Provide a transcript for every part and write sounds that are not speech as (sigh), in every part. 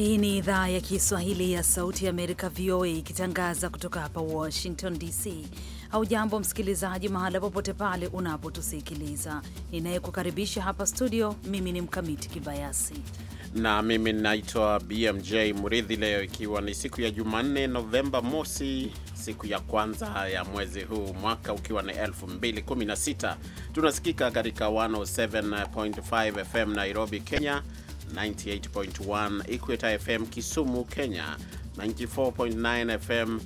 Hii ni idhaa ya Kiswahili ya Sauti ya Amerika, VOA, ikitangaza kutoka hapa Washington DC. Haujambo msikilizaji, mahala popote pale unapotusikiliza. Ninayekukaribisha hapa studio, mimi ni Mkamiti Kibayasi na mimi naitwa BMJ Mridhi. Leo ikiwa ni siku ya Jumanne, Novemba mosi, siku ya kwanza ya mwezi huu, mwaka ukiwa ni 2016. Tunasikika katika 107.5 FM Nairobi, Kenya 98.1 Equator FM Kisumu, Kenya, 94.9 FM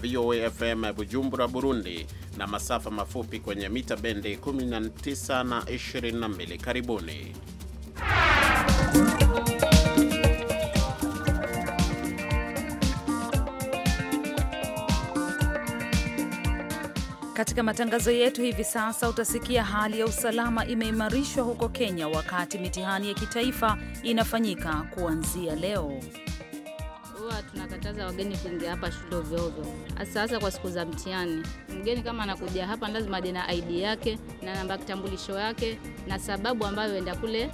VOA FM Bujumbura, Burundi na masafa mafupi kwenye mita bendi 19 na 22. Karibuni Katika matangazo yetu hivi sasa utasikia hali ya usalama imeimarishwa huko Kenya wakati mitihani ya kitaifa inafanyika kuanzia leo. Huwa tunakataza wageni kuingia hapa shule ovyo hasa hasa kwa siku za mtihani. Mgeni kama anakuja hapa lazima aje na ID yake na namba kitambulisho yake na sababu ambayo enda kule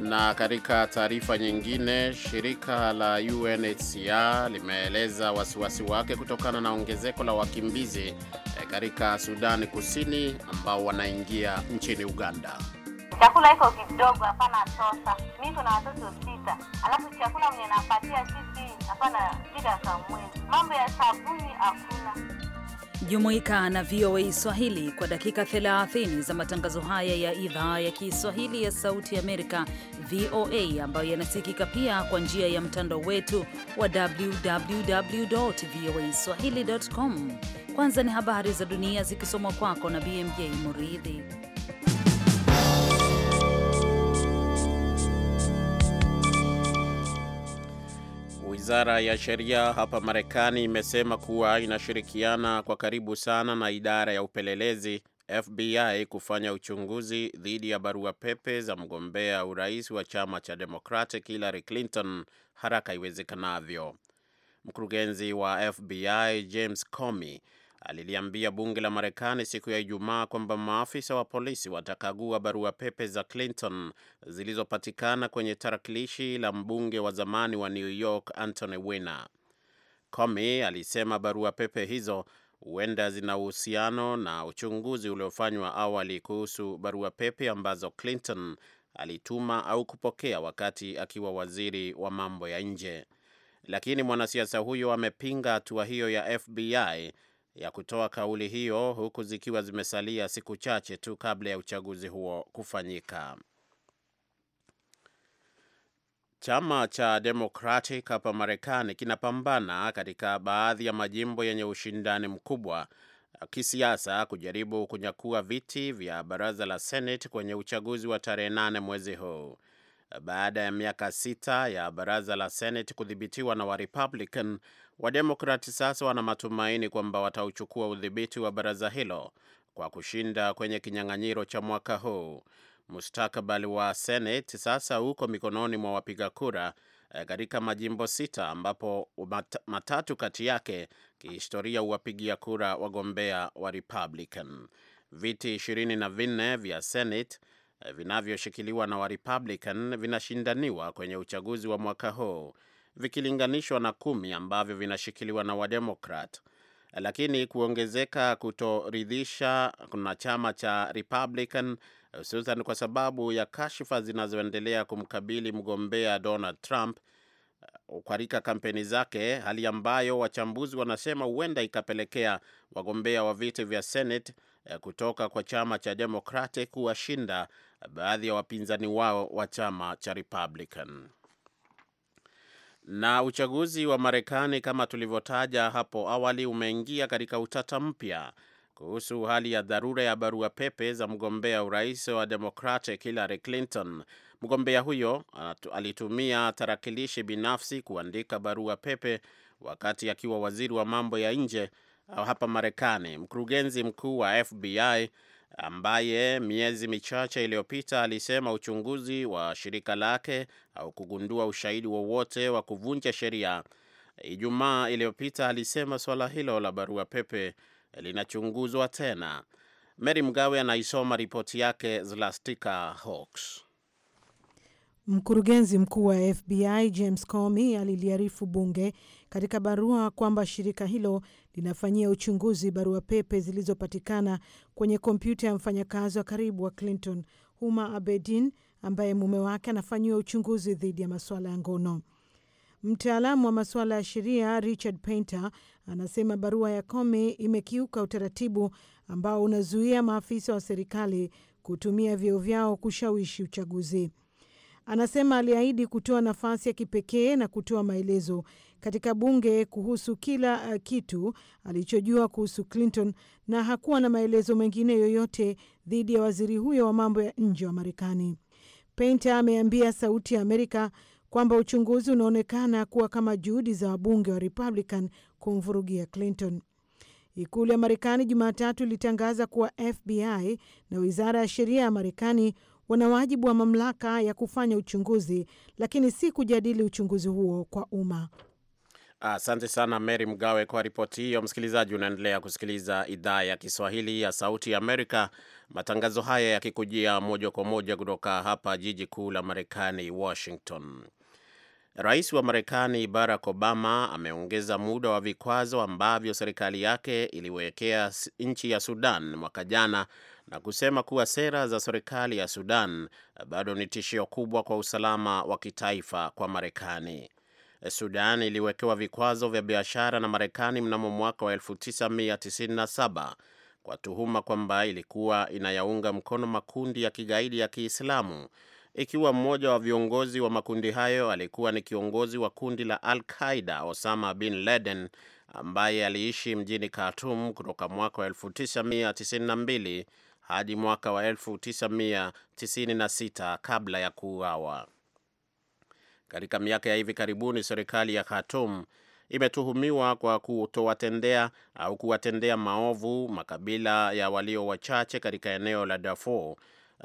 na katika taarifa nyingine, shirika la UNHCR limeeleza wasiwasi wake kutokana na ongezeko la wakimbizi eh, katika Sudani Kusini ambao wanaingia nchini Uganda. Chakula iko kidogo, hapana tosa. Mimi kuna watoto sita, alafu chakula mwenye napatia sisi hapana sita za mwezi. Mambo ya sabuni hakuna. Jumuika na VOA Swahili kwa dakika 30 za matangazo haya ya idhaa ya Kiswahili ya Sauti Amerika, VOA, ambayo yanasikika pia kwa njia ya mtandao wetu wa www voa swahili com. Kwanza ni habari za dunia zikisomwa kwako na BMJ Muridhi. Wizara ya Sheria hapa Marekani imesema kuwa inashirikiana kwa karibu sana na idara ya upelelezi FBI kufanya uchunguzi dhidi ya barua pepe za mgombea urais wa chama cha Democratic Hillary Clinton haraka iwezekanavyo. Mkurugenzi wa FBI James Comey aliliambia bunge la Marekani siku ya Ijumaa kwamba maafisa wa polisi watakagua barua pepe za Clinton zilizopatikana kwenye tarakilishi la mbunge wa zamani wa New York Anthony Weiner. Comey alisema barua pepe hizo huenda zina uhusiano na uchunguzi uliofanywa awali kuhusu barua pepe ambazo Clinton alituma au kupokea wakati akiwa waziri wa mambo ya nje. Lakini mwanasiasa huyo amepinga hatua hiyo ya FBI ya kutoa kauli hiyo huku zikiwa zimesalia siku chache tu kabla ya uchaguzi huo kufanyika. Chama cha Democratic hapa Marekani kinapambana katika baadhi ya majimbo yenye ushindani mkubwa uh, kisiasa kujaribu kunyakua viti vya baraza la Senate kwenye uchaguzi wa tarehe nane mwezi huu baada ya miaka sita ya baraza la Senate kudhibitiwa na Warepublican, Wademokrati sasa wana matumaini kwamba watauchukua udhibiti wa baraza hilo kwa kushinda kwenye kinyang'anyiro cha mwaka huu. Mustakabali wa Senate sasa uko mikononi mwa wapiga kura eh, katika majimbo sita ambapo matatu kati yake kihistoria huwapigia kura wagombea wa Republican. Viti ishirini na vinne vya Senate vinavyoshikiliwa na Warepublican vinashindaniwa kwenye uchaguzi wa mwaka huu vikilinganishwa na kumi ambavyo vinashikiliwa na Wademokrat, lakini kuongezeka kutoridhisha kuna chama cha Republican hususan kwa sababu ya kashfa zinazoendelea kumkabili mgombea Donald Trump katika kampeni zake, hali ambayo wachambuzi wanasema huenda ikapelekea wagombea wa viti vya Senate eh, kutoka kwa chama cha Democratic kuwashinda baadhi ya wapinzani wao wa chama cha Republican. Na uchaguzi wa Marekani kama tulivyotaja hapo awali umeingia katika utata mpya kuhusu hali ya dharura ya barua pepe za mgombea urais wa Democratic Hillary Clinton. Mgombea huyo alitumia tarakilishi binafsi kuandika barua pepe wakati akiwa waziri wa mambo ya nje uh, hapa Marekani. Mkurugenzi mkuu wa FBI ambaye miezi michache iliyopita alisema uchunguzi wa shirika lake au kugundua ushahidi wowote wa, wa kuvunja sheria. Ijumaa iliyopita alisema suala hilo la barua pepe linachunguzwa tena. Mary Mgawe anaisoma ripoti yake Zlastika Hawks. Mkurugenzi mkuu wa FBI James Comey aliliarifu bunge katika barua kwamba shirika hilo linafanyia uchunguzi barua pepe zilizopatikana kwenye kompyuta ya mfanyakazi wa karibu wa Clinton, Huma Abedin, ambaye mume wake anafanyiwa uchunguzi dhidi ya masuala ya ngono. Mtaalamu wa masuala ya sheria Richard Painter anasema barua ya Comey imekiuka utaratibu ambao unazuia maafisa wa serikali kutumia vyeo vyao kushawishi uchaguzi. Anasema aliahidi kutoa nafasi ya kipekee na kutoa maelezo katika bunge kuhusu kila uh, kitu alichojua kuhusu Clinton na hakuwa na maelezo mengine yoyote dhidi ya waziri huyo wa mambo ya nje wa Marekani. Painter ameambia Sauti ya Amerika kwamba uchunguzi unaonekana kuwa kama juhudi za wabunge wa Republican kumvurugia Clinton. Ikulu ya Marekani Jumatatu ilitangaza kuwa FBI na wizara ya sheria ya Marekani wana wajibu wa mamlaka ya kufanya uchunguzi, lakini si kujadili uchunguzi huo kwa umma. Asante sana Mary Mgawe kwa ripoti hiyo. Msikilizaji, unaendelea kusikiliza idhaa ya Kiswahili ya Sauti ya Amerika, matangazo haya yakikujia moja kwa moja kutoka hapa jiji kuu la Marekani, Washington. Rais wa Marekani Barack Obama ameongeza muda wa vikwazo ambavyo serikali yake iliwekea nchi ya Sudan mwaka jana na kusema kuwa sera za serikali ya Sudan eh, bado ni tishio kubwa kwa usalama wa kitaifa kwa Marekani. Eh, Sudan iliwekewa vikwazo vya biashara na Marekani mnamo mwaka wa 1997 kwa tuhuma kwamba ilikuwa inayaunga mkono makundi ya kigaidi ya Kiislamu ikiwa mmoja wa viongozi wa makundi hayo alikuwa ni kiongozi wa kundi la Al Qaida Osama bin Laden ambaye aliishi mjini khartum kutoka mwaka wa 1992 hadi mwaka wa 1996 kabla ya kuuawa. Katika miaka ya hivi karibuni, serikali ya khartum imetuhumiwa kwa kutowatendea au kuwatendea maovu makabila ya walio wachache katika eneo la Darfur,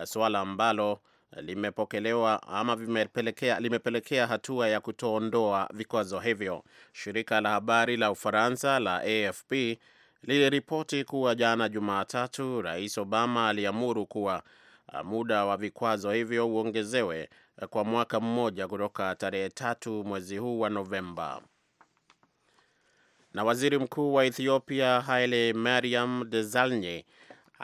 swala ambalo limepokelewa ama vimepelekea, limepelekea hatua ya kutoondoa vikwazo hivyo. Shirika la habari la Ufaransa la AFP liliripoti kuwa jana Jumatatu, Rais Obama aliamuru kuwa ah, muda wa vikwazo hivyo uongezewe ah, kwa mwaka mmoja kutoka tarehe tatu mwezi huu wa Novemba. Na waziri mkuu wa Ethiopia Haile Mariam Desalegn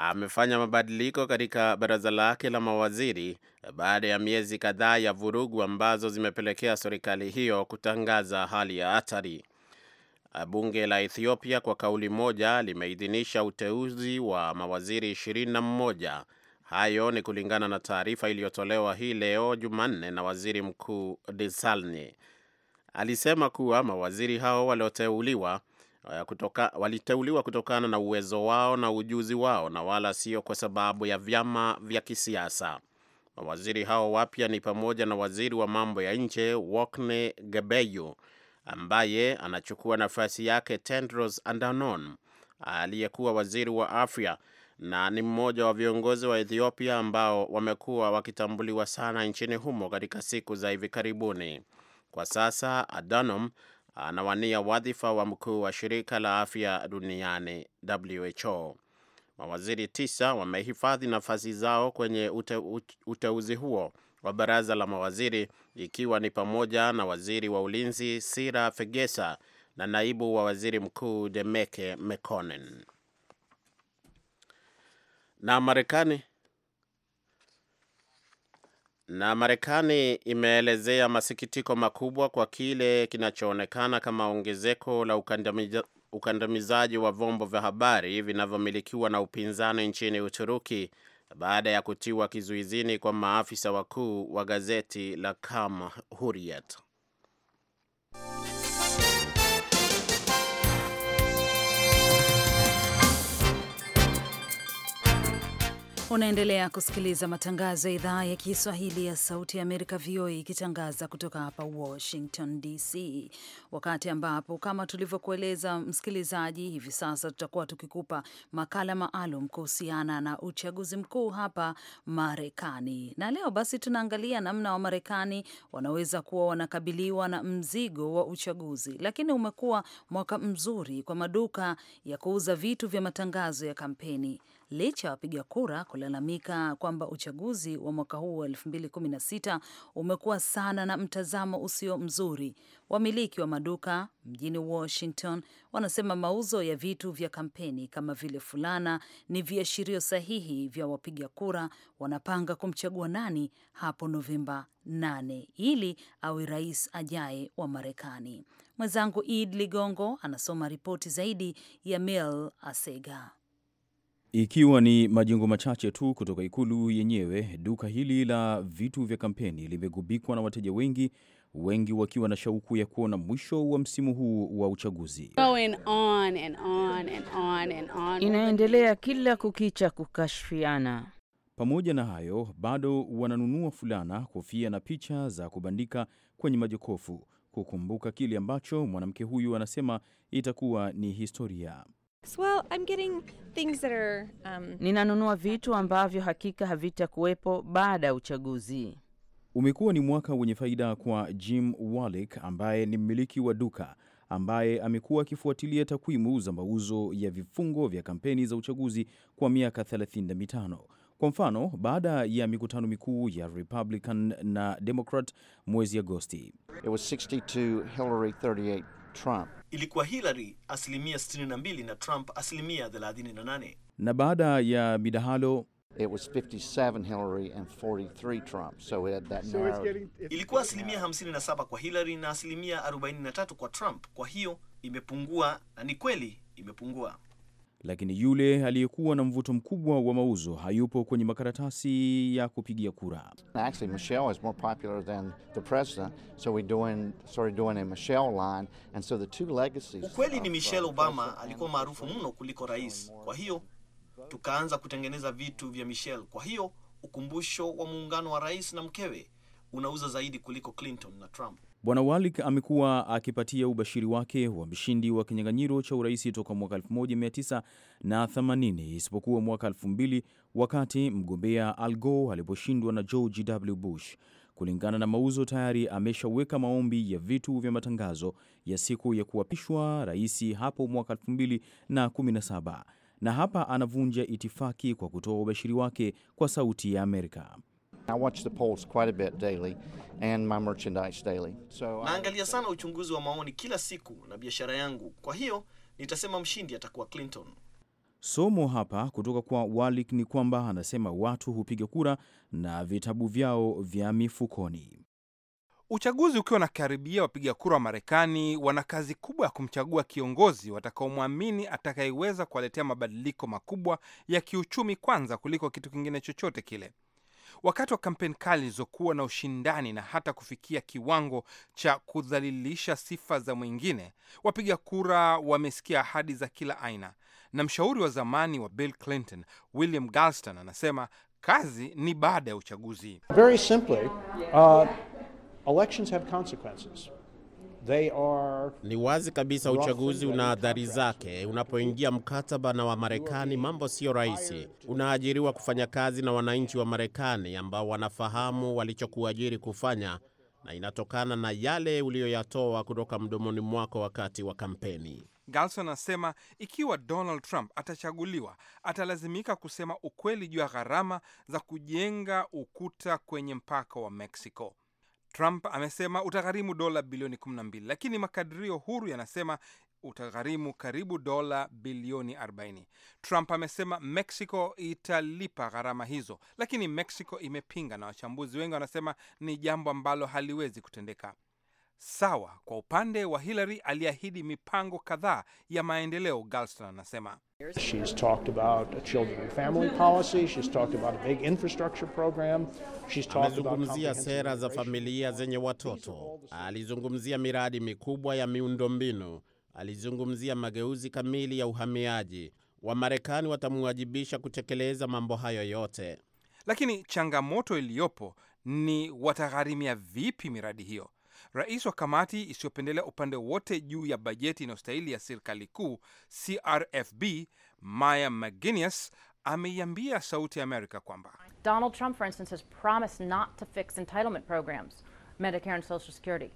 amefanya mabadiliko katika baraza lake la mawaziri baada ya miezi kadhaa ya vurugu ambazo zimepelekea serikali hiyo kutangaza hali ya hatari. Bunge la Ethiopia kwa kauli moja limeidhinisha uteuzi wa mawaziri 21. Hayo ni kulingana na taarifa iliyotolewa hii leo Jumanne na waziri mkuu Desalegn. Alisema kuwa mawaziri hao walioteuliwa Eh, kutoka, waliteuliwa kutokana na uwezo wao na ujuzi wao na wala sio kwa sababu ya vyama vya kisiasa. Mawaziri hao wapya ni pamoja na waziri wa mambo ya nje Wokne Gebeyu ambaye anachukua nafasi yake Tendros Andanon aliyekuwa waziri wa afya na ni mmoja wa viongozi wa Ethiopia ambao wamekuwa wakitambuliwa sana nchini humo katika siku za hivi karibuni. Kwa sasa Adhanom anawania wadhifa wa mkuu wa shirika la afya duniani WHO. Mawaziri tisa wamehifadhi nafasi zao kwenye ute, uteuzi huo wa baraza la mawaziri ikiwa ni pamoja na waziri wa ulinzi Sira Fegesa na naibu wa waziri mkuu Demeke Mekonnen. Na Marekani na Marekani imeelezea masikitiko makubwa kwa kile kinachoonekana kama ongezeko la ukandamiza, ukandamizaji wa vyombo vya habari vinavyomilikiwa na upinzani nchini Uturuki baada ya kutiwa kizuizini kwa maafisa wakuu wa gazeti la Kam Hurriyet. Unaendelea kusikiliza matangazo ya idhaa ya Kiswahili ya Sauti ya Amerika, VOA, ikitangaza kutoka hapa Washington DC, wakati ambapo kama tulivyokueleza msikilizaji, hivi sasa tutakuwa tukikupa makala maalum kuhusiana na uchaguzi mkuu hapa Marekani. Na leo basi tunaangalia namna Wamarekani wanaweza kuwa wanakabiliwa na mzigo wa uchaguzi, lakini umekuwa mwaka mzuri kwa maduka ya kuuza vitu vya matangazo ya kampeni licha ya wapiga kura kulalamika kwamba uchaguzi wa mwaka huu wa 2016 umekuwa sana na mtazamo usio mzuri. Wamiliki wa maduka mjini Washington wanasema mauzo ya vitu vya kampeni kama vile fulana ni viashirio sahihi vya wapiga kura wanapanga kumchagua nani hapo Novemba 8 ili awe rais ajaye wa Marekani. Mwenzangu Id Ligongo anasoma ripoti zaidi ya Mel Asega. Ikiwa ni majengo machache tu kutoka ikulu yenyewe, duka hili la vitu vya kampeni limegubikwa na wateja wengi, wengi wakiwa na shauku ya kuona mwisho wa msimu huu wa uchaguzi. Inaendelea kila kukicha kukashfiana. Pamoja na hayo, bado wananunua fulana, kofia na picha za kubandika kwenye majokofu kukumbuka kile ambacho mwanamke huyu anasema itakuwa ni historia. Well, I'm getting things that are, um... ninanunua vitu ambavyo hakika havitakuwepo baada ya uchaguzi. Umekuwa ni mwaka wenye faida kwa Jim wallick ambaye ni mmiliki wa duka ambaye amekuwa akifuatilia takwimu za mauzo ya vifungo vya kampeni za uchaguzi kwa miaka 35. Kwa mfano, baada ya mikutano mikuu ya Republican na Democrat mwezi Agosti, It was 62 Hillary, 38 Trump. Ilikuwa Hillary asilimia 62 na Trump asilimia 38. Na baada ya midahalo 57 ilikuwa asilimia 57 kwa Hillary na asilimia 43 kwa Trump. Kwa hiyo imepungua, na ni kweli imepungua lakini yule aliyekuwa na mvuto mkubwa wa mauzo hayupo kwenye makaratasi ya kupigia kura. Ukweli ni uh, Michelle Obama alikuwa maarufu mno kuliko rais, kwa hiyo tukaanza kutengeneza vitu vya Michelle. Kwa hiyo ukumbusho wa muungano wa rais na mkewe unauza zaidi kuliko Clinton na Trump. Bwana Walik amekuwa akipatia ubashiri wake wa mshindi wa kinyang'anyiro cha urais toka mwaka 1980 isipokuwa mwaka 2000 wakati mgombea Al Gore aliposhindwa na George W. Bush. Kulingana na mauzo, tayari ameshaweka maombi ya vitu vya matangazo ya siku ya kuapishwa rais hapo mwaka 2017 na hapa anavunja itifaki kwa kutoa ubashiri wake kwa Sauti ya Amerika. I watch the polls quite a bit daily and my merchandise daily. So naangalia sana uchunguzi wa maoni kila siku na biashara yangu, kwa hiyo nitasema mshindi atakuwa Clinton. Somo hapa kutoka kwa Walik ni kwamba anasema watu hupiga kura na vitabu vyao vya mifukoni. Uchaguzi ukiwa unakaribia, wapiga kura wa Marekani wana kazi kubwa ya kumchagua kiongozi watakaomwamini atakayeweza kuwaletea mabadiliko makubwa ya kiuchumi kwanza kuliko kitu kingine chochote kile wakati wa kampeni kali zilizokuwa na ushindani na hata kufikia kiwango cha kudhalilisha sifa za mwingine. Wapiga kura wamesikia ahadi za kila aina, na mshauri wa zamani wa Bill Clinton William Galston anasema kazi ni baada ya uchaguzi. Very simply, uh, elections have consequences. Ni wazi kabisa uchaguzi una adhari zake. Unapoingia mkataba na Wamarekani, mambo siyo rahisi. Unaajiriwa kufanya kazi na wananchi wa Marekani ambao wanafahamu walichokuajiri kufanya, na inatokana na yale uliyoyatoa kutoka mdomoni mwako wakati wa kampeni. Galson anasema ikiwa Donald Trump atachaguliwa, atalazimika kusema ukweli juu ya gharama za kujenga ukuta kwenye mpaka wa Mexico. Trump amesema utagharimu dola bilioni 12, lakini makadirio huru yanasema utagharimu karibu dola bilioni 40. Trump amesema Mexico italipa gharama hizo, lakini Mexico imepinga na wachambuzi wengi wanasema ni jambo ambalo haliwezi kutendeka sawa. Kwa upande wa Hillary, aliahidi mipango kadhaa ya maendeleo. Galston anasema amezungumzia sera za familia zenye watoto, alizungumzia miradi mikubwa ya miundombinu, alizungumzia mageuzi kamili ya uhamiaji. Wamarekani watamwajibisha kutekeleza mambo hayo yote, lakini changamoto iliyopo ni watagharimia vipi miradi hiyo? Rais wa kamati isiyopendelea upande wote juu ya bajeti inayostahili ya serikali kuu CRFB, Maya McGuinness ameiambia Sauti ya Amerika kwamba Donald Trump for instance has promised not to fix entitlement programs Medicare and Social Security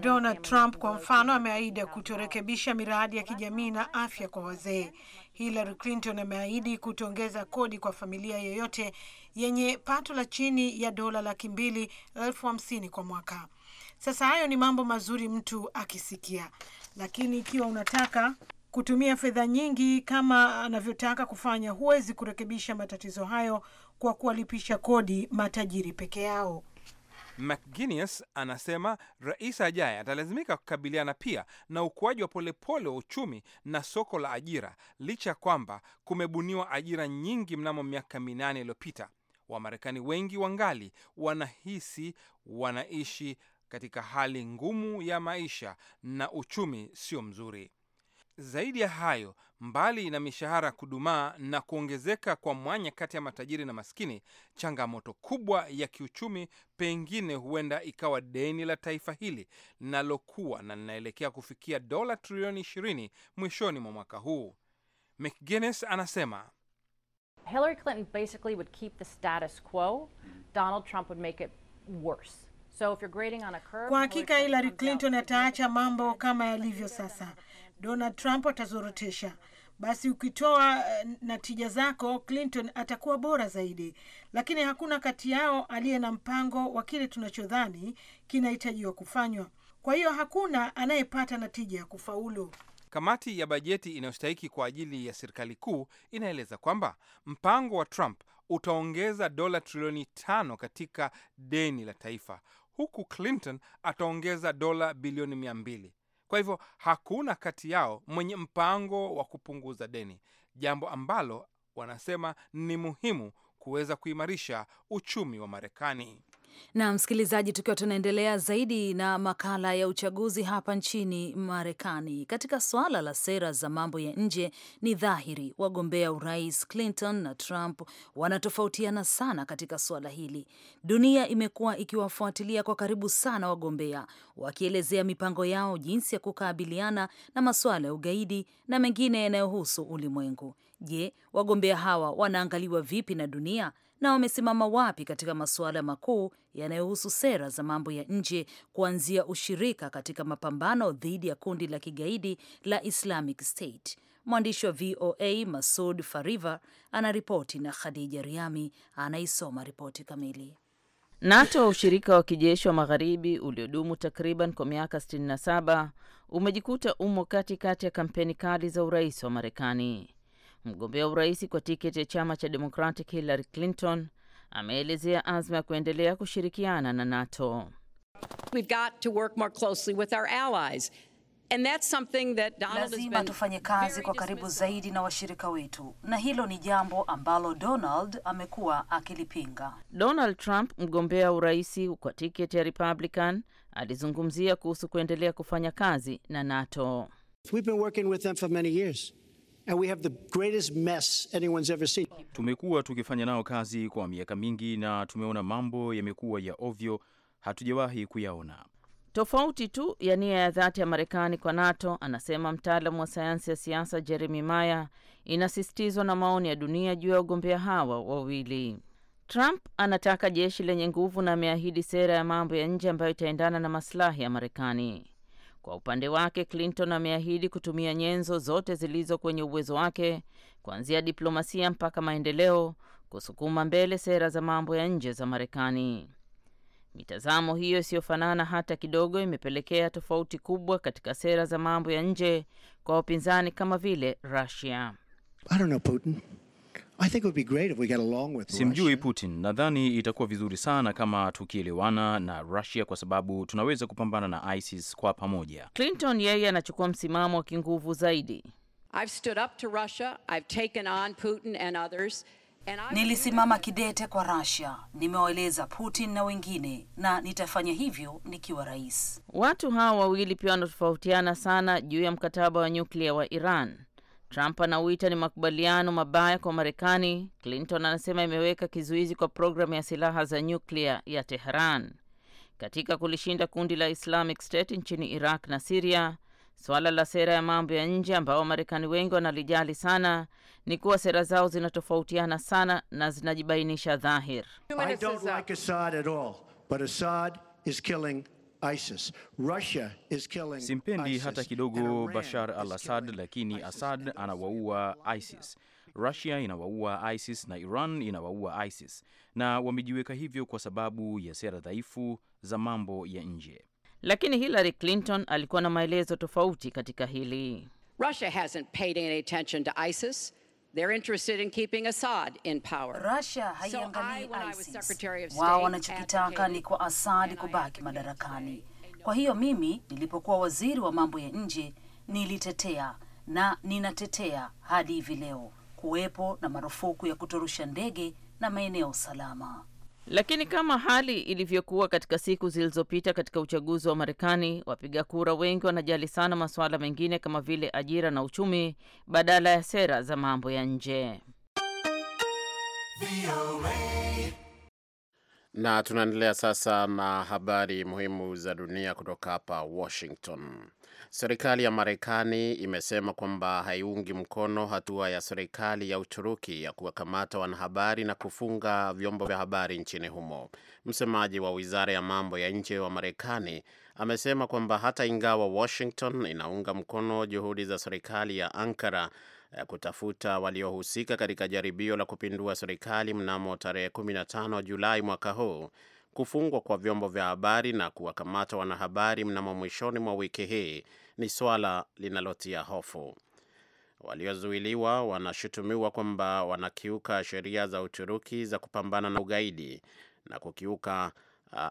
Donald Trump kwa mfano ameahidi kutorekebisha miradi ya kijamii na afya kwa wazee. Hillary Clinton ameahidi kutoongeza kodi kwa familia yoyote yenye pato la chini ya dola laki mbili elfu hamsini kwa mwaka. Sasa hayo ni mambo mazuri mtu akisikia, lakini ikiwa unataka kutumia fedha nyingi kama anavyotaka kufanya, huwezi kurekebisha matatizo hayo kwa kuwalipisha kodi matajiri peke yao. McGuinness anasema rais ajaye atalazimika kukabiliana pia na ukuaji wa polepole wa uchumi na soko la ajira, licha ya kwamba kumebuniwa ajira nyingi mnamo miaka minane iliyopita. Wamarekani wengi wangali wanahisi wanaishi katika hali ngumu ya maisha na uchumi sio mzuri. Zaidi ya hayo, mbali na mishahara kudumaa na kuongezeka kwa mwanya kati ya matajiri na maskini, changamoto kubwa ya kiuchumi pengine huenda ikawa deni la taifa hili linalokuwa na linaelekea kufikia dola trilioni 20 mwishoni mwa mwaka huu. McGuinness anasema Hillary Clinton basically would keep the status quo. Donald Trump would make it worse. So if you're grading on a curve, kwa hakika Hillary Clinton ataacha mambo kama yalivyo sasa Donald Trump atazorotesha. Basi ukitoa eh, natija zako, Clinton atakuwa bora zaidi, lakini hakuna kati yao aliye na mpango wa kile tunachodhani kinahitajiwa kufanywa. Kwa hiyo hakuna anayepata natija ya kufaulu. Kamati ya bajeti inayostahiki kwa ajili ya serikali kuu inaeleza kwamba mpango wa Trump utaongeza dola trilioni tano katika deni la taifa, huku Clinton ataongeza dola bilioni mia mbili. Kwa hivyo hakuna kati yao mwenye mpango wa kupunguza deni, jambo ambalo wanasema ni muhimu kuweza kuimarisha uchumi wa Marekani. Na msikilizaji, tukiwa tunaendelea zaidi na makala ya uchaguzi hapa nchini Marekani, katika suala la sera za mambo ya nje, ni dhahiri wagombea urais Clinton na Trump wanatofautiana sana katika suala hili. Dunia imekuwa ikiwafuatilia kwa karibu sana wagombea wakielezea mipango yao, jinsi ya kukabiliana na masuala ya ugaidi na mengine yanayohusu ulimwengu. Je, wagombea hawa wanaangaliwa vipi na dunia? na wamesimama wapi katika masuala makuu yanayohusu sera za mambo ya nje kuanzia ushirika katika mapambano dhidi ya kundi la kigaidi la Islamic State. Mwandishi wa VOA Masud Fariva anaripoti na Khadija Riami anaisoma ripoti kamili. NATO, ushirika wa kijeshi wa magharibi uliodumu takriban kwa miaka 67, umejikuta umo katikati ya kampeni kali za urais wa Marekani. Mgombea urais kwa tiketi ya chama cha Democratic Hillary Clinton ameelezea azma ya kuendelea kushirikiana na NATO. Lazima tufanye kazi kwa karibu zaidi na washirika wetu, na hilo ni jambo ambalo Donald amekuwa akilipinga. Donald Trump, mgombea urais kwa tiketi ya Republican, alizungumzia kuhusu kuendelea kufanya kazi na NATO. We've been working with them for many years. Tumekuwa tukifanya nao kazi kwa miaka mingi na tumeona mambo yamekuwa ya ovyo, hatujawahi kuyaona. Tofauti tu ya nia ya dhati ya Marekani kwa NATO, anasema mtaalamu wa sayansi ya siasa Jeremy Maya, inasisitizwa na maoni ya dunia juu ya wagombea hawa wawili. Trump anataka jeshi lenye nguvu na ameahidi sera ya mambo ya nje ambayo itaendana na maslahi ya Marekani. Kwa upande wake, Clinton ameahidi kutumia nyenzo zote zilizo kwenye uwezo wake, kuanzia diplomasia mpaka maendeleo, kusukuma mbele sera za mambo ya nje za Marekani. Mitazamo hiyo isiyofanana hata kidogo imepelekea tofauti kubwa katika sera za mambo ya nje kwa wapinzani kama vile Russia. I don't know Putin. Simjui Putin. Nadhani itakuwa vizuri sana kama tukielewana na Russia kwa sababu tunaweza kupambana na ISIS kwa pamoja. Clinton yeye anachukua msimamo wa kinguvu zaidi. I've stood up to Russia. I've taken on Putin and others. Nilisimama kidete kwa Russia, nimewaeleza Putin na wengine, na nitafanya hivyo nikiwa rais. Watu hawa wawili pia wanatofautiana sana juu ya mkataba wa nyuklia wa Iran. Trump anauita ni makubaliano mabaya kwa Marekani. Clinton anasema imeweka kizuizi kwa programu ya silaha za nyuklia ya Teheran. Katika kulishinda kundi la Islamic State nchini Iraq na Siria, suala la sera ya mambo ya nje ambao Wamarekani wengi wanalijali sana ni kuwa sera zao zinatofautiana sana na zinajibainisha dhahir. ISIS. Russia is killing simpendi ISIS. hata kidogo Bashar al-Assad, lakini Assad anawaua ISIS. Russia inawaua ISIS na Iran inawaua ISIS, na wamejiweka hivyo kwa sababu ya sera dhaifu za mambo ya nje. Lakini Hillary Clinton alikuwa na maelezo tofauti katika hili. Russia hasn't paid any attention to ISIS. They're interested in keeping Assad in power. Russia haiangalii so ISIS. Wao wanachokitaka ni kwa Assad kubaki madarakani. Kwa hiyo mimi nilipokuwa waziri wa mambo ya nje nilitetea na ninatetea hadi hivi leo kuwepo na marufuku ya kutorusha ndege na maeneo salama. Lakini kama hali ilivyokuwa katika siku zilizopita katika uchaguzi wa Marekani, wapiga kura wengi wanajali sana masuala mengine kama vile ajira na uchumi badala ya sera za mambo ya nje na tunaendelea sasa na habari muhimu za dunia kutoka hapa Washington. Serikali ya Marekani imesema kwamba haiungi mkono hatua ya serikali ya Uturuki ya kuwakamata wanahabari na kufunga vyombo vya habari nchini humo. Msemaji wa wizara ya mambo ya nje wa Marekani amesema kwamba hata ingawa Washington inaunga mkono juhudi za serikali ya Ankara Eh, kutafuta waliohusika katika jaribio la kupindua serikali mnamo tarehe 15 Julai mwaka huu, kufungwa kwa vyombo vya habari na kuwakamata wanahabari mnamo mwishoni mwa wiki hii ni swala linalotia hofu. Waliozuiliwa wanashutumiwa kwamba wanakiuka sheria za Uturuki za kupambana na ugaidi na kukiuka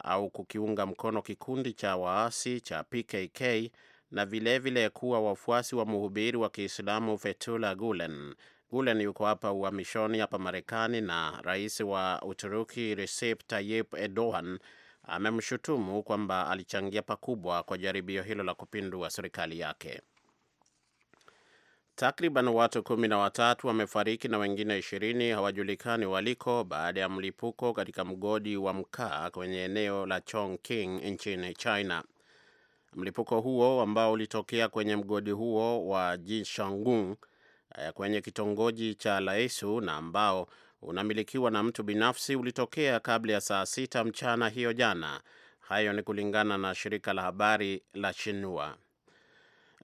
au kukiunga mkono kikundi cha waasi cha PKK na vilevile vile kuwa wafuasi wa mhubiri wa Kiislamu Fethullah Gulen. Gulen yuko hapa uhamishoni hapa Marekani, na rais wa Uturuki Recep Tayyip Erdogan amemshutumu kwamba alichangia pakubwa kwa jaribio hilo la kupindua serikali yake. Takriban watu kumi na watatu wamefariki na wengine ishirini hawajulikani waliko baada ya mlipuko katika mgodi wa mkaa kwenye eneo la Chongqing nchini China. Mlipuko huo ambao ulitokea kwenye mgodi huo wa Jishangung eh, kwenye kitongoji cha Laisu na ambao unamilikiwa na mtu binafsi ulitokea kabla ya saa sita mchana hiyo jana. Hayo ni kulingana na shirika la habari la shinua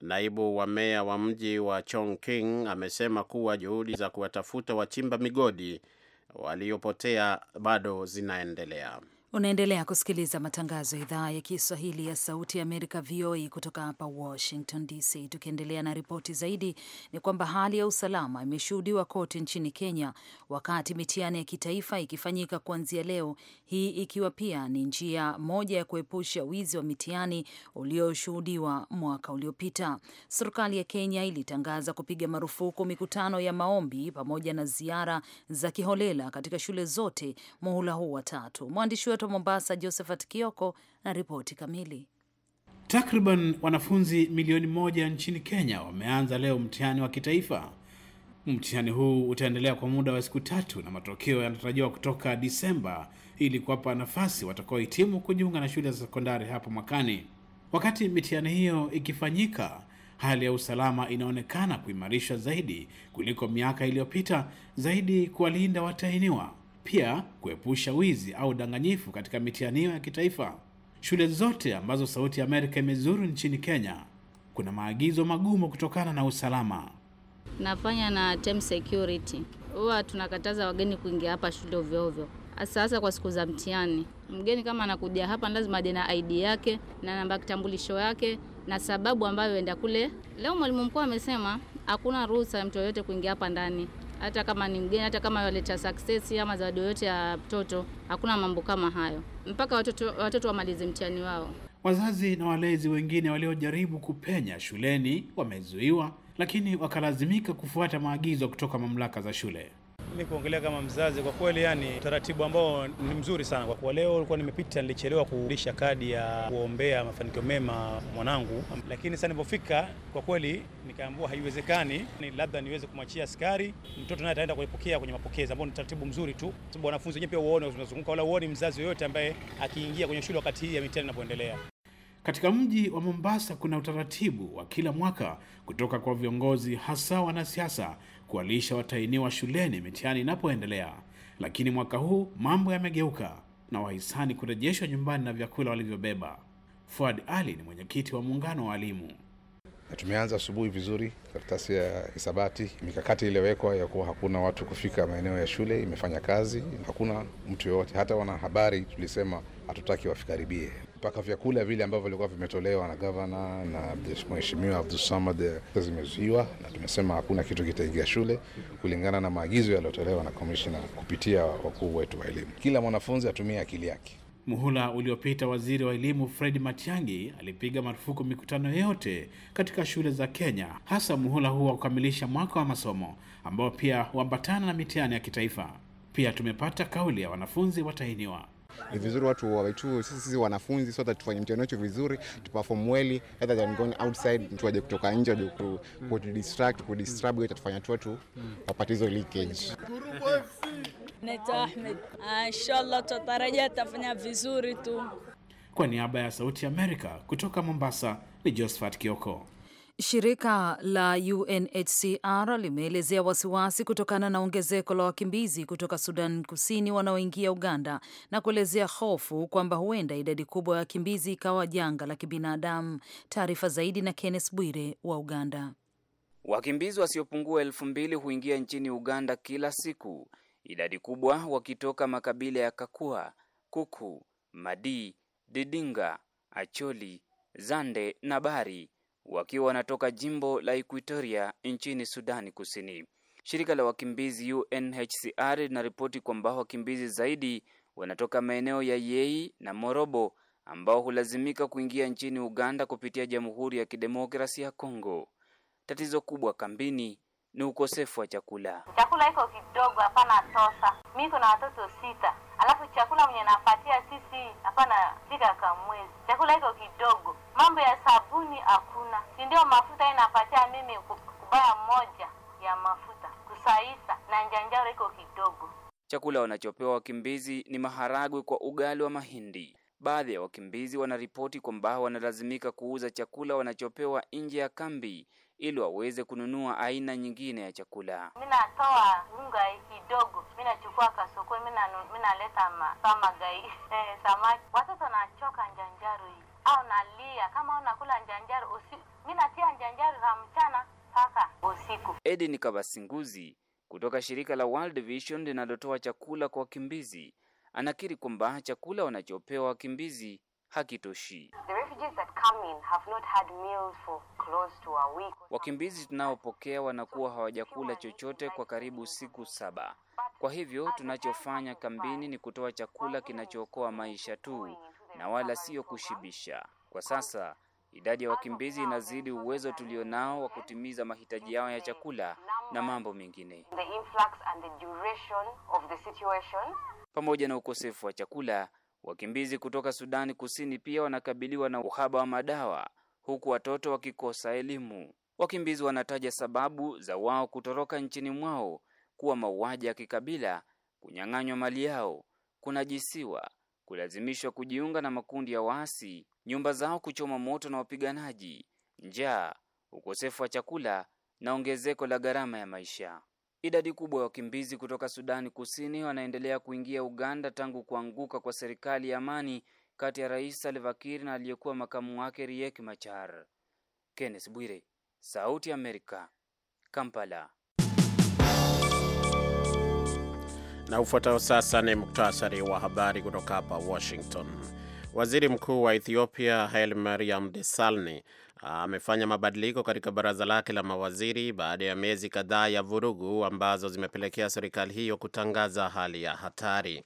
Naibu wa meya wa mji wa Chongqing amesema kuwa juhudi za kuwatafuta wachimba migodi waliopotea bado zinaendelea. Unaendelea kusikiliza matangazo ya idhaa ya Kiswahili ya Sauti ya Amerika, VOA, kutoka hapa Washington DC. Tukiendelea na ripoti zaidi, ni kwamba hali ya usalama imeshuhudiwa kote nchini Kenya wakati mitihani ya kitaifa ikifanyika kuanzia leo, hii ikiwa pia ni njia moja ya kuepusha wizi wa mitihani ulioshuhudiwa mwaka uliopita. Serikali ya Kenya ilitangaza kupiga marufuku mikutano ya maombi pamoja na ziara za kiholela katika shule zote muhula huu wa tatu. Mwandishi Mtoto Mombasa, Josephat Kioko na ripoti kamili. Takriban wanafunzi milioni moja nchini Kenya wameanza leo mtihani wa kitaifa. Mtihani huu utaendelea kwa muda wa siku tatu na matokeo yanatarajiwa kutoka Disemba ili kuwapa nafasi watakaohitimu kujiunga na shule za sekondari hapo mwakani. Wakati mitihani hiyo ikifanyika, hali ya usalama inaonekana kuimarishwa zaidi kuliko miaka iliyopita, zaidi kuwalinda watahiniwa pia kuepusha wizi au udanganyifu katika mitihani ya kitaifa. Shule zote ambazo Sauti ya Amerika imezuru nchini Kenya kuna maagizo magumu kutokana na usalama. Nafanya na term security, huwa tunakataza wageni kuingia hapa shule ovyo ovyo, hasa hasa kwa siku za mtihani. Mgeni kama anakuja hapa lazima aje na ID yake na namba ya kitambulisho yake na sababu ambayo enda kule. Leo mwalimu mkuu amesema hakuna ruhusa ya mtu yoyote kuingia hapa ndani hata kama ni mgeni, hata kama waleta success ama zawadi yoyote ya mtoto, hakuna mambo kama hayo mpaka watoto, watoto wamalize mtihani wao. Wazazi na walezi wengine waliojaribu kupenya shuleni wamezuiwa, lakini wakalazimika kufuata maagizo kutoka mamlaka za shule. Mimi kuongelea kama mzazi, kwa kweli, yani utaratibu ambao ni mzuri sana kwa kuwa leo ulikuwa nimepita, nilichelewa kurudisha kadi ya kuombea mafanikio mema mwanangu, lakini sasa nilipofika, kwa kweli nikaambua haiwezekani, ni labda niweze kumwachia askari mtoto naye ataenda kuipokea kwenye mapokezi, ambao ni taratibu mzuri tu, sababu wanafunzi wenyewe pia uone unazunguka, wala uone mzazi yoyote ambaye akiingia kwenye shule wakati hii ya mitihani inapoendelea. Katika mji wa Mombasa kuna utaratibu wa kila mwaka kutoka kwa viongozi hasa wanasiasa kuwalisha watahiniwa shuleni mitihani inapoendelea. Lakini mwaka huu mambo yamegeuka na wahisani kurejeshwa nyumbani na vyakula walivyobeba. Fuad Ali ni mwenyekiti wa muungano wa walimu. Tumeanza asubuhi vizuri. Karatasi ya hisabati, mikakati iliyowekwa ya kuwa hakuna watu kufika maeneo ya shule imefanya kazi. Hakuna mtu yoyote, hata wanahabari tulisema hatutaki wafikaribie mpaka vyakula vile ambavyo vilikuwa vimetolewa na gavana na mheshimiwa Samad zimezuiwa, na tumesema hakuna kitu kitaingia shule kulingana na maagizo yaliyotolewa na komishna kupitia wakuu wetu wa elimu. Kila mwanafunzi atumie akili yake. Muhula uliopita waziri wa elimu Fred Matiang'i alipiga marufuku mikutano yote katika shule za Kenya, hasa muhula huu wa kukamilisha mwaka wa masomo ambao pia huambatana na mitihani ya kitaifa. Pia tumepata kauli ya wanafunzi watahiniwa ni vizuri watu wawetu sisi, sisi wanafunzi so that tufanye mtihani wetu vizuri, tuperform well either than going outside, mtu aje kutoka nje aje ku, ku distract ku disturb, yote, itatufanya tu watu wapate hizo leakage. Naitwa Ahmed. Ah, inshallah tutarajia tafanya vizuri tu. Kwa niaba ya Sauti ya Amerika kutoka Mombasa ni Josephat Kioko. Shirika la UNHCR limeelezea wasiwasi kutokana na ongezeko la wakimbizi kutoka Sudan Kusini wanaoingia Uganda na kuelezea hofu kwamba huenda idadi kubwa ya wakimbizi ikawa janga la kibinadamu. Taarifa zaidi na Kenneth Bwire wa Uganda. Wakimbizi wasiopungua elfu mbili huingia nchini Uganda kila siku, idadi kubwa wakitoka makabila ya Kakua, Kuku, Madi, Didinga, Acholi, Zande na Bari wakiwa wanatoka jimbo la Equatoria nchini Sudani Kusini. Shirika la wakimbizi UNHCR linaripoti kwamba wakimbizi zaidi wanatoka maeneo ya Yei na Morobo ambao hulazimika kuingia nchini Uganda kupitia Jamhuri ya Kidemokrasia ya Kongo. Tatizo kubwa kambini ni ukosefu wa chakula. Chakula iko kidogo, hapana tosa. Mi kuna na watoto sita, alafu chakula mwenye napatia sisi hapana fika ka mwezi, chakula iko kidogo, mambo ya sabuni hakuna, si ndio? Mafuta inapatia mimi kubaya moja ya mafuta kusaisa na njanjaro iko kidogo. Chakula wanachopewa wakimbizi ni maharagwe kwa ugali wa mahindi. Baadhi ya wakimbizi wanaripoti kwamba wanalazimika kuuza chakula wanachopewa nje ya kambi ili waweze kununua aina nyingine ya chakula. Mimi natoa unga kidogo, mimi nachukua kasoko, mimi naleta samagai (laughs) eh, samaki. Watoto wanachoka njanjaro hii au nalia kama unakula njanjaro usiku, mimi natia njanjaro za mchana mpaka usiku. Edin Kabasinguzi kutoka shirika la World Vision linalotoa chakula kwa wakimbizi anakiri kwamba chakula wanachopewa wakimbizi hakitoshi. Wakimbizi tunaopokea wanakuwa hawajakula chochote kwa karibu siku saba. Kwa hivyo tunachofanya kambini ni kutoa chakula kinachookoa maisha tu na wala sio kushibisha. Kwa sasa idadi ya wakimbizi inazidi uwezo tulionao wa kutimiza mahitaji yao ya chakula na mambo mengine. Pamoja na ukosefu wa chakula, Wakimbizi kutoka Sudani Kusini pia wanakabiliwa na uhaba wa madawa huku watoto wakikosa elimu. Wakimbizi wanataja sababu za wao kutoroka nchini mwao kuwa mauaji ya kikabila, kunyang'anywa mali yao, kunajisiwa, kulazimishwa kujiunga na makundi ya waasi, nyumba zao kuchoma moto na wapiganaji, njaa, ukosefu wa chakula na ongezeko la gharama ya maisha. Idadi kubwa ya wakimbizi kutoka Sudani Kusini wanaendelea kuingia Uganda tangu kuanguka kwa serikali ya amani kati ya Rais Salva Kiir na aliyekuwa makamu wake Riek Machar. Kenneth Bwire, Sauti ya Amerika, Kampala. Na ufuatao sasa ni muktasari wa habari kutoka hapa Washington. Waziri Mkuu wa Ethiopia Haile Mariam Desalegn amefanya mabadiliko katika baraza lake la mawaziri baada ya miezi kadhaa ya vurugu ambazo zimepelekea serikali hiyo kutangaza hali ya hatari.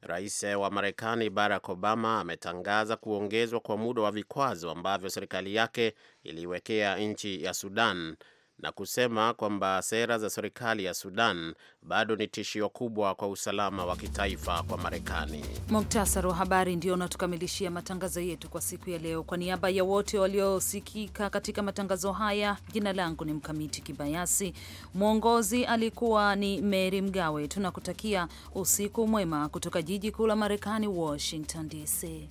Rais wa Marekani Barack Obama ametangaza kuongezwa kwa muda wa vikwazo ambavyo serikali yake iliwekea nchi ya Sudan na kusema kwamba sera za serikali ya Sudan bado ni tishio kubwa kwa usalama wa kitaifa kwa Marekani. Muktasari wa habari ndio unatukamilishia matangazo yetu kwa siku ya leo. Kwa niaba ya wote waliosikika katika matangazo haya, jina langu ni Mkamiti Kibayasi, mwongozi alikuwa ni Mary Mgawe. Tunakutakia usiku mwema kutoka jiji kuu la Marekani, Washington DC.